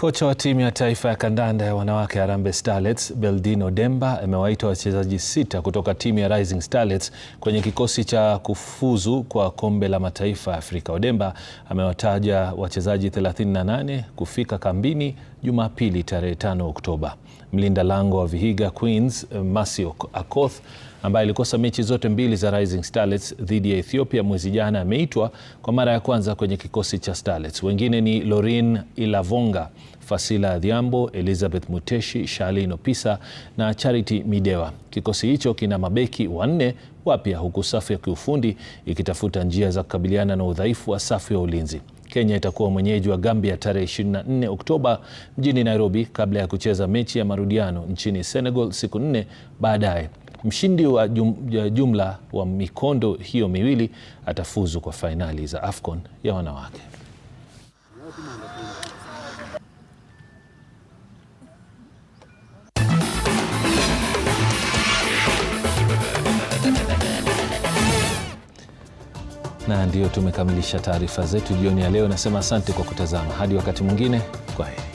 Kocha wa timu ya taifa ya kandanda ya wanawake Harambee Starlets, Beldine Demba amewaita wachezaji sita kutoka timu ya Rising Starlets kwenye kikosi cha kufuzu kwa Kombe la Mataifa ya Afrika. Odemba amewataja wachezaji 38 kufika kambini Jumapili tarehe 5 Oktoba. Mlinda lango wa Vihiga Queens, Masio Akoth ambaye alikosa mechi zote mbili za Rising Starlets dhidi ya Ethiopia mwezi jana ameitwa kwa mara ya kwanza kwenye kikosi cha Starlets. Wengine ni Lorin Ilavonga, Fasila Adhiambo, Elizabeth Muteshi, Shalin Opisa na Charity Midewa. Kikosi hicho kina mabeki wanne wapya huku safu ya kiufundi ikitafuta njia za kukabiliana na udhaifu wa safu ya ulinzi. Kenya itakuwa mwenyeji wa Gambia tarehe 24 Oktoba mjini Nairobi kabla ya kucheza mechi ya marudiano nchini Senegal siku nne baadaye. Mshindi wa jumla wa mikondo hiyo miwili atafuzu kwa fainali za AFCON ya wanawake. Na ndiyo tumekamilisha taarifa zetu jioni ya leo. Nasema asante kwa kutazama, hadi wakati mwingine, kwa heri.